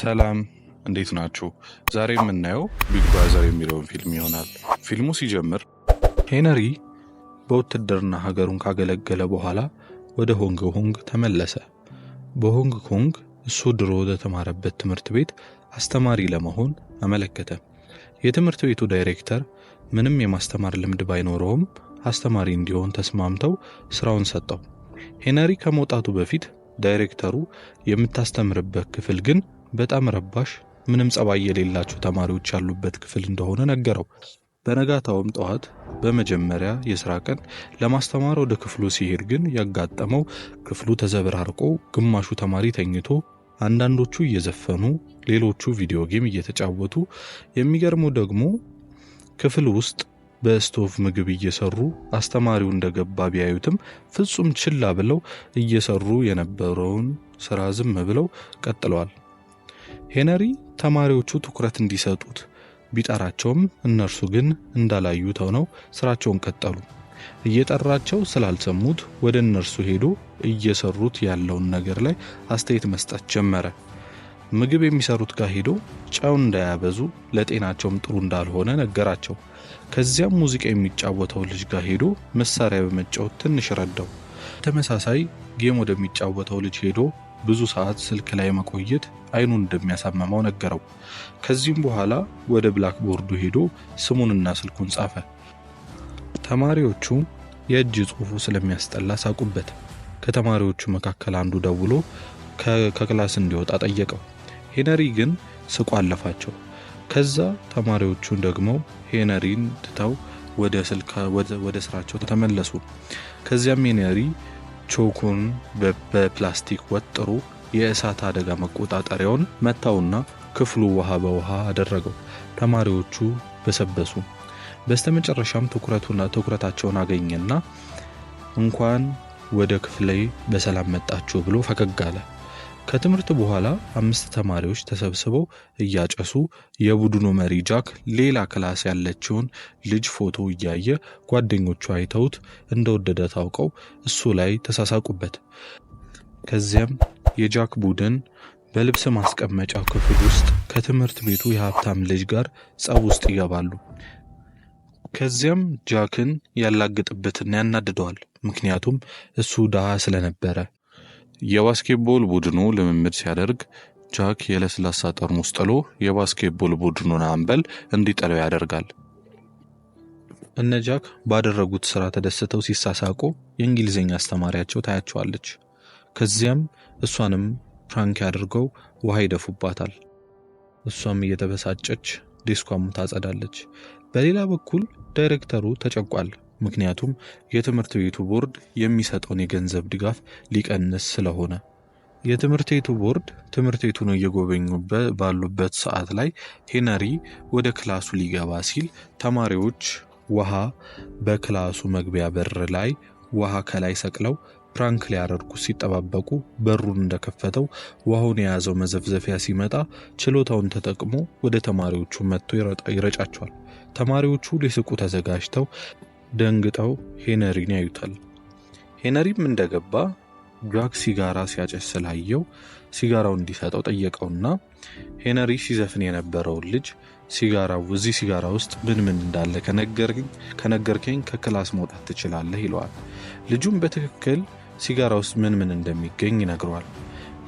ሰላም እንዴት ናችሁ? ዛሬ የምናየው ቢግ ባዘር የሚለውን ፊልም ይሆናል። ፊልሙ ሲጀምር ሄነሪ በውትድርና ሀገሩን ካገለገለ በኋላ ወደ ሆንግ ኮንግ ተመለሰ። በሆንግ ኮንግ እሱ ድሮ ወደ ተማረበት ትምህርት ቤት አስተማሪ ለመሆን አመለከተ። የትምህርት ቤቱ ዳይሬክተር ምንም የማስተማር ልምድ ባይኖረውም አስተማሪ እንዲሆን ተስማምተው ስራውን ሰጠው። ሄነሪ ከመውጣቱ በፊት ዳይሬክተሩ የምታስተምርበት ክፍል ግን በጣም ረባሽ፣ ምንም ጸባይ የሌላቸው ተማሪዎች ያሉበት ክፍል እንደሆነ ነገረው። በነጋታውም ጠዋት በመጀመሪያ የስራ ቀን ለማስተማር ወደ ክፍሉ ሲሄድ ግን ያጋጠመው ክፍሉ ተዘበራርቆ ግማሹ ተማሪ ተኝቶ አንዳንዶቹ እየዘፈኑ ሌሎቹ ቪዲዮ ጌም እየተጫወቱ የሚገርመው ደግሞ ክፍል ውስጥ በስቶቭ ምግብ እየሰሩ አስተማሪው እንደገባ ቢያዩትም ፍጹም ችላ ብለው እየሰሩ የነበረውን ስራ ዝም ብለው ቀጥለዋል። ሄነሪ ተማሪዎቹ ትኩረት እንዲሰጡት ቢጠራቸውም እነርሱ ግን እንዳላዩት ሆነው ስራቸውን ቀጠሉ። እየጠራቸው ስላልሰሙት ወደ እነርሱ ሄዶ እየሰሩት ያለውን ነገር ላይ አስተያየት መስጠት ጀመረ። ምግብ የሚሰሩት ጋር ሄዶ ጨው እንዳያበዙ ለጤናቸውም ጥሩ እንዳልሆነ ነገራቸው። ከዚያም ሙዚቃ የሚጫወተው ልጅ ጋር ሄዶ መሳሪያ በመጫወት ትንሽ ረዳው። ተመሳሳይ ጌም ወደሚጫወተው ልጅ ሄዶ ብዙ ሰዓት ስልክ ላይ መቆየት አይኑን እንደሚያሳመመው ነገረው። ከዚህም በኋላ ወደ ብላክቦርዱ ሄዶ ስሙንና ስልኩን ጻፈ። ተማሪዎቹ የእጅ ጽሑፉ ስለሚያስጠላ ሳቁበት። ከተማሪዎቹ መካከል አንዱ ደውሎ ከክላስ እንዲወጣ ጠየቀው። ሄነሪ ግን ስቆ አለፋቸው። ከዛ ተማሪዎቹ ደግሞ ሄነሪን ትተው ወደ ስራቸው ተመለሱ። ከዚያም ሄነሪ ቾኩን በፕላስቲክ ወጥሮ የእሳት አደጋ መቆጣጠሪያውን መታውና ክፍሉ ውሃ በውሃ አደረገው። ተማሪዎቹ በሰበሱ። በስተመጨረሻም ትኩረቱና ትኩረታቸውን አገኘና እንኳን ወደ ክፍሌ በሰላም መጣችሁ ብሎ ፈገግ አለ። ከትምህርት በኋላ አምስት ተማሪዎች ተሰብስበው እያጨሱ የቡድኑ መሪ ጃክ ሌላ ክላስ ያለችውን ልጅ ፎቶ እያየ ጓደኞቹ አይተውት እንደወደደ ታውቀው እሱ ላይ ተሳሳቁበት። ከዚያም የጃክ ቡድን በልብስ ማስቀመጫ ክፍል ውስጥ ከትምህርት ቤቱ የሀብታም ልጅ ጋር ጸብ ውስጥ ይገባሉ። ከዚያም ጃክን ያላግጥበትና ያናድደዋል፣ ምክንያቱም እሱ ድሃ ስለነበረ የባስኬትቦል ቡድኑ ልምምድ ሲያደርግ ጃክ የለስላሳ ጠርሙስ ጥሎ የባስኬትቦል ቡድኑን አምበል እንዲጠለው ያደርጋል። እነ ጃክ ባደረጉት ስራ ተደስተው ሲሳሳቁ የእንግሊዝኛ አስተማሪያቸው ታያቸዋለች። ከዚያም እሷንም ፕራንክ አድርገው ውሃ ይደፉባታል። እሷም እየተበሳጨች ዴስኳም ታጸዳለች። በሌላ በኩል ዳይሬክተሩ ተጨቋል። ምክንያቱም የትምህርት ቤቱ ቦርድ የሚሰጠውን የገንዘብ ድጋፍ ሊቀንስ ስለሆነ። የትምህርት ቤቱ ቦርድ ትምህርት ቤቱን እየጎበኙ ባሉበት ሰዓት ላይ ሄነሪ ወደ ክላሱ ሊገባ ሲል ተማሪዎች ውሃ በክላሱ መግቢያ በር ላይ ውሃ ከላይ ሰቅለው ፕራንክ ሊያደርጉ ሲጠባበቁ በሩን እንደከፈተው ውሃውን የያዘው መዘፍዘፊያ ሲመጣ ችሎታውን ተጠቅሞ ወደ ተማሪዎቹ መጥቶ ይረጫቸዋል። ተማሪዎቹ ሊስቁ ተዘጋጅተው ደንግጠው ሄነሪን ያዩታል። ሄነሪም እንደገባ ጃክ ሲጋራ ሲያጨስ ስላየው ሲጋራው እንዲሰጠው ጠየቀውና ሄነሪ ሲዘፍን የነበረውን ልጅ ሲጋራው እዚህ ሲጋራ ውስጥ ምን ምን እንዳለ ከነገርከኝ ከክላስ መውጣት ትችላለህ ይለዋል። ልጁም በትክክል ሲጋራ ውስጥ ምን ምን እንደሚገኝ ይነግረዋል።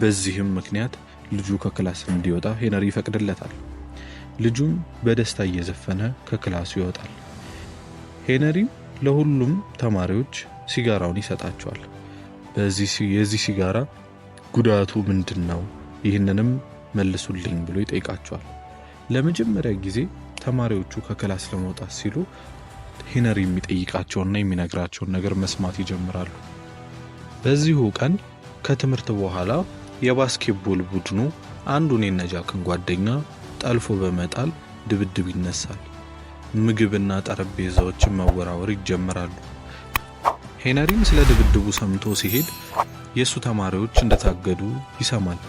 በዚህም ምክንያት ልጁ ከክላስ እንዲወጣ ሄነሪ ይፈቅድለታል። ልጁም በደስታ እየዘፈነ ከክላሱ ይወጣል። ሄነሪም ለሁሉም ተማሪዎች ሲጋራውን ይሰጣቸዋል። የዚህ ሲጋራ ጉዳቱ ምንድን ነው? ይህንንም መልሱልኝ ብሎ ይጠይቃቸዋል። ለመጀመሪያ ጊዜ ተማሪዎቹ ከክላስ ለመውጣት ሲሉ ሄነሪ የሚጠይቃቸውና የሚነግራቸውን ነገር መስማት ይጀምራሉ። በዚሁ ቀን ከትምህርት በኋላ የባስኬትቦል ቡድኑ አንዱን የነጃክን ጓደኛ ጠልፎ በመጣል ድብድብ ይነሳል። ምግብና ጠረጴዛዎችን መወራወር ይጀምራሉ። ሄነሪም ስለ ድብድቡ ሰምቶ ሲሄድ የእሱ ተማሪዎች እንደታገዱ ይሰማል።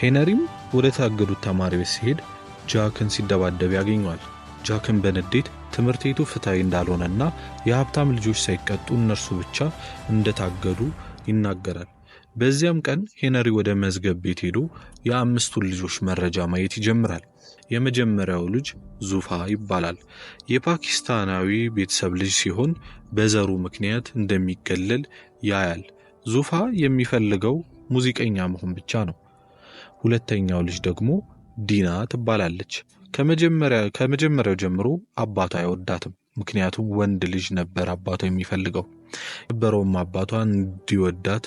ሄነሪም ወደ ታገዱት ተማሪዎች ሲሄድ ጃክን ሲደባደብ ያገኘዋል። ጃክን በንዴት ትምህርት ቤቱ ፍትሐዊ እንዳልሆነና የሀብታም ልጆች ሳይቀጡ እነርሱ ብቻ እንደታገዱ ይናገራል። በዚያም ቀን ሄነሪ ወደ መዝገብ ቤት ሄዶ የአምስቱን ልጆች መረጃ ማየት ይጀምራል። የመጀመሪያው ልጅ ዙፋ ይባላል። የፓኪስታናዊ ቤተሰብ ልጅ ሲሆን በዘሩ ምክንያት እንደሚገለል ያያል። ዙፋ የሚፈልገው ሙዚቀኛ መሆን ብቻ ነው። ሁለተኛው ልጅ ደግሞ ዲና ትባላለች። ከመጀመሪያው ጀምሮ አባቷ አይወዳትም። ምክንያቱም ወንድ ልጅ ነበር አባቷ የሚፈልገው። የነበረውም አባቷ እንዲወዳት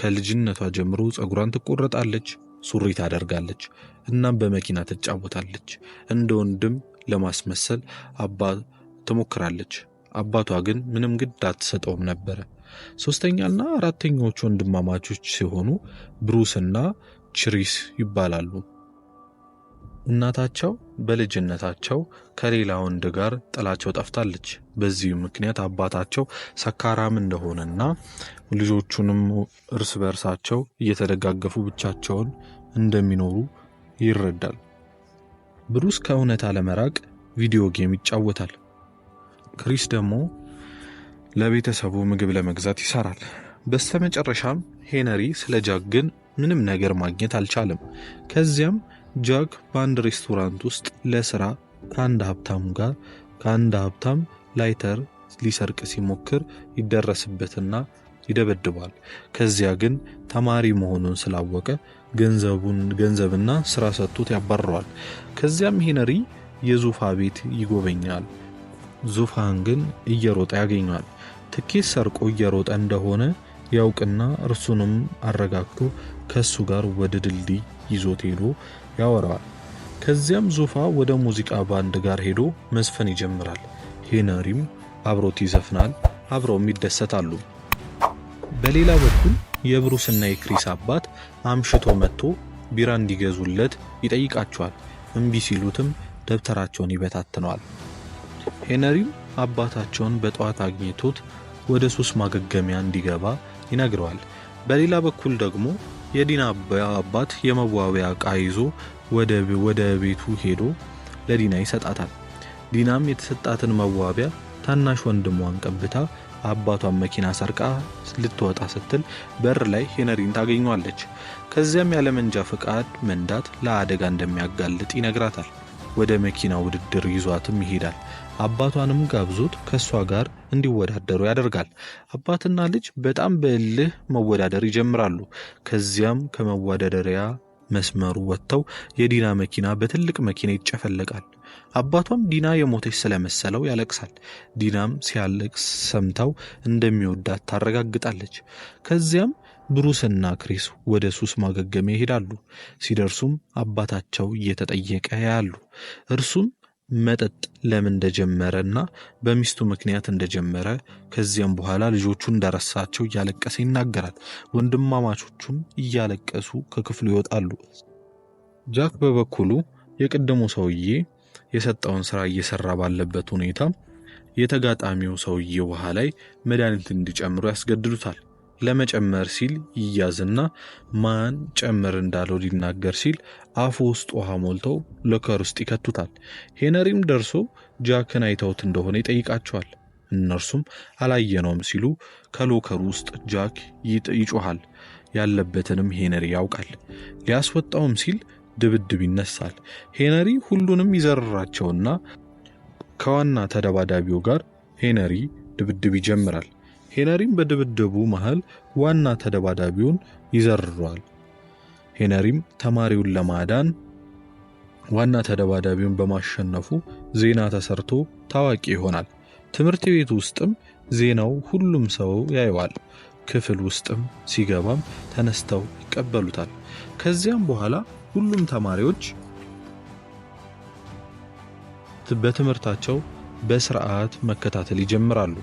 ከልጅነቷ ጀምሮ ፀጉሯን ትቆረጣለች፣ ሱሪ ታደርጋለች፣ እናም በመኪና ትጫወታለች። እንደ ወንድም ለማስመሰል አባ ትሞክራለች። አባቷ ግን ምንም ግድ አትሰጠውም ነበረ። ሶስተኛና አራተኛዎቹ ወንድማማቾች ሲሆኑ ብሩስ እና ችሪስ ይባላሉ። እናታቸው በልጅነታቸው ከሌላ ወንድ ጋር ጥላቸው ጠፍታለች። በዚህም ምክንያት አባታቸው ሰካራም እንደሆነና ልጆቹንም እርስ በእርሳቸው እየተደጋገፉ ብቻቸውን እንደሚኖሩ ይረዳል። ብሩስ ከእውነታ ለመራቅ ቪዲዮ ጌም ይጫወታል። ክሪስ ደግሞ ለቤተሰቡ ምግብ ለመግዛት ይሰራል። በስተመጨረሻም ሄነሪ ስለ ጃክ ግን ምንም ነገር ማግኘት አልቻለም። ከዚያም ጃክ በአንድ ሬስቶራንት ውስጥ ለስራ ከአንድ ሀብታም ጋር ከአንድ ሀብታም ላይተር ሊሰርቅ ሲሞክር ይደረስበትና ይደበድቧል። ከዚያ ግን ተማሪ መሆኑን ስላወቀ ገንዘቡን ገንዘብና ስራ ሰጥቶት ያባረዋል። ከዚያም ሄነሪ የዙፋ ቤት ይጎበኛል። ዙፋን ግን እየሮጠ ያገኘዋል። ትኬት ሰርቆ እየሮጠ እንደሆነ ያውቅና እርሱንም አረጋግቶ ከሱ ጋር ወደ ድልድይ ይዞት ሄዶ ያወራዋል። ከዚያም ዙፋ ወደ ሙዚቃ ባንድ ጋር ሄዶ መዝፈን ይጀምራል። ሄነሪም አብሮት ይዘፍናል፣ አብረውም ይደሰታሉ። በሌላ በኩል የብሩስ እና የክሪስ አባት አምሽቶ መጥቶ ቢራ እንዲገዙለት ይጠይቃቸዋል። እምቢ ሲሉትም ደብተራቸውን ይበታትነዋል። ሄነሪም አባታቸውን በጠዋት አግኝቶት ወደ ሱስ ማገገሚያ እንዲገባ ይነግረዋል። በሌላ በኩል ደግሞ የዲና አባት የመዋቢያ ዕቃ ይዞ ወደ ቤቱ ሄዶ ለዲና ይሰጣታል። ዲናም የተሰጣትን መዋቢያ ታናሽ ወንድሟን ቀብታ አባቷን መኪና ሰርቃ ልትወጣ ስትል በር ላይ ሄነሪን ታገኘዋለች። ከዚያም ያለመንጃ ፈቃድ መንዳት ለአደጋ እንደሚያጋልጥ ይነግራታል። ወደ መኪና ውድድር ይዟትም ይሄዳል። አባቷንም ጋብዞት ከእሷ ጋር እንዲወዳደሩ ያደርጋል። አባትና ልጅ በጣም በእልህ መወዳደር ይጀምራሉ። ከዚያም ከመወዳደሪያ መስመሩ ወጥተው የዲና መኪና በትልቅ መኪና ይጨፈለቃል። አባቷም ዲና የሞተች ስለመሰለው ያለቅሳል። ዲናም ሲያለቅስ ሰምታው እንደሚወዳት ታረጋግጣለች። ከዚያም ብሩስና ክሪስ ወደ ሱስ ማገገሚያ ይሄዳሉ። ሲደርሱም አባታቸው እየተጠየቀ ያሉ እርሱም መጠጥ ለምን እንደጀመረ እና በሚስቱ ምክንያት እንደጀመረ ከዚያም በኋላ ልጆቹ እንዳረሳቸው እያለቀሰ ይናገራል። ወንድማማቾቹም እያለቀሱ ከክፍሉ ይወጣሉ። ጃክ በበኩሉ የቀደሙ ሰውዬ የሰጠውን ስራ እየሰራ ባለበት ሁኔታ የተጋጣሚው ሰውዬ ውሃ ላይ መድኃኒት እንዲጨምሩ ያስገድዱታል። ለመጨመር ሲል ይያዝና ማን ጨምር እንዳለው ሊናገር ሲል አፉ ውስጥ ውሃ ሞልተው ሎከር ውስጥ ይከቱታል። ሄነሪም ደርሶ ጃክን አይተውት እንደሆነ ይጠይቃቸዋል። እነርሱም አላየነውም ሲሉ ከሎከሩ ውስጥ ጃክ ይጮሃል። ያለበትንም ሄነሪ ያውቃል። ሊያስወጣውም ሲል ድብድብ ይነሳል። ሄነሪ ሁሉንም ይዘርራቸውና ከዋና ተደባዳቢው ጋር ሄነሪ ድብድብ ይጀምራል። ሄነሪም በድብድቡ መሃል ዋና ተደባዳቢውን ይዘርሯል። ሄነሪም ተማሪውን ለማዳን ዋና ተደባዳቢውን በማሸነፉ ዜና ተሰርቶ ታዋቂ ይሆናል። ትምህርት ቤት ውስጥም ዜናው ሁሉም ሰው ያየዋል። ክፍል ውስጥም ሲገባም ተነስተው ይቀበሉታል። ከዚያም በኋላ ሁሉም ተማሪዎች በትምህርታቸው በስርዓት መከታተል ይጀምራሉ።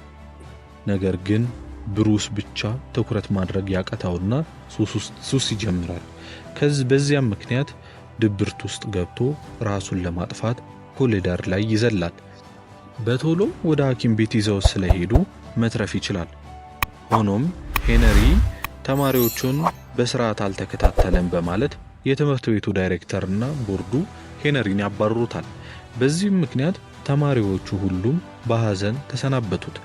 ነገር ግን ብሩስ ብቻ ትኩረት ማድረግ ያቀታውና ሱስ ይጀምራል። ከዚህ በዚያም ምክንያት ድብርት ውስጥ ገብቶ ራሱን ለማጥፋት ኮሊደር ላይ ይዘላል። በቶሎ ወደ ሐኪም ቤት ይዘው ስለሄዱ መትረፍ ይችላል። ሆኖም ሄነሪ ተማሪዎቹን በስርዓት አልተከታተለም በማለት የትምህርት ቤቱ ዳይሬክተርና ቦርዱ ሄነሪን ያባርሩታል። በዚህም ምክንያት ተማሪዎቹ ሁሉም በሐዘን ተሰናበቱት።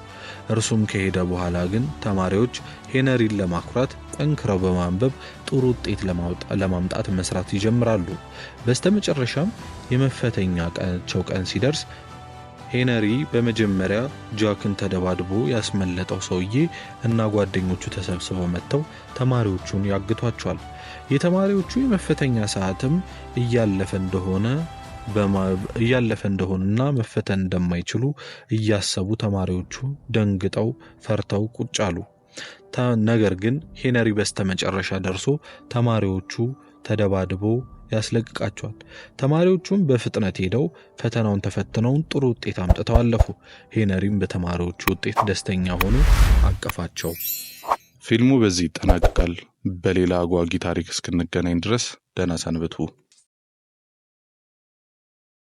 እርሱም ከሄደ በኋላ ግን ተማሪዎች ሄነሪን ለማኩራት ጠንክረው በማንበብ ጥሩ ውጤት ለማምጣት መስራት ይጀምራሉ። በስተመጨረሻም የመፈተኛ ቀናቸው ቀን ሲደርስ ሄነሪ በመጀመሪያ ጃክን ተደባድቦ ያስመለጠው ሰውዬ እና ጓደኞቹ ተሰብስበው መጥተው ተማሪዎቹን ያግቷቸዋል። የተማሪዎቹ የመፈተኛ ሰዓትም እያለፈ እንደሆነ እያለፈ እንደሆኑና መፈተን እንደማይችሉ እያሰቡ ተማሪዎቹ ደንግጠው ፈርተው ቁጭ አሉ። ነገር ግን ሄነሪ በስተመጨረሻ ደርሶ ተማሪዎቹ ተደባድቦ ያስለቅቃቸዋል። ተማሪዎቹም በፍጥነት ሄደው ፈተናውን ተፈትነውን ጥሩ ውጤት አምጥተው አለፉ። ሄነሪም በተማሪዎቹ ውጤት ደስተኛ ሆኖ አቀፋቸው። ፊልሙ በዚህ ይጠናቀቃል። በሌላ አጓጊ ታሪክ እስክንገናኝ ድረስ ደህና ሰንብቱ።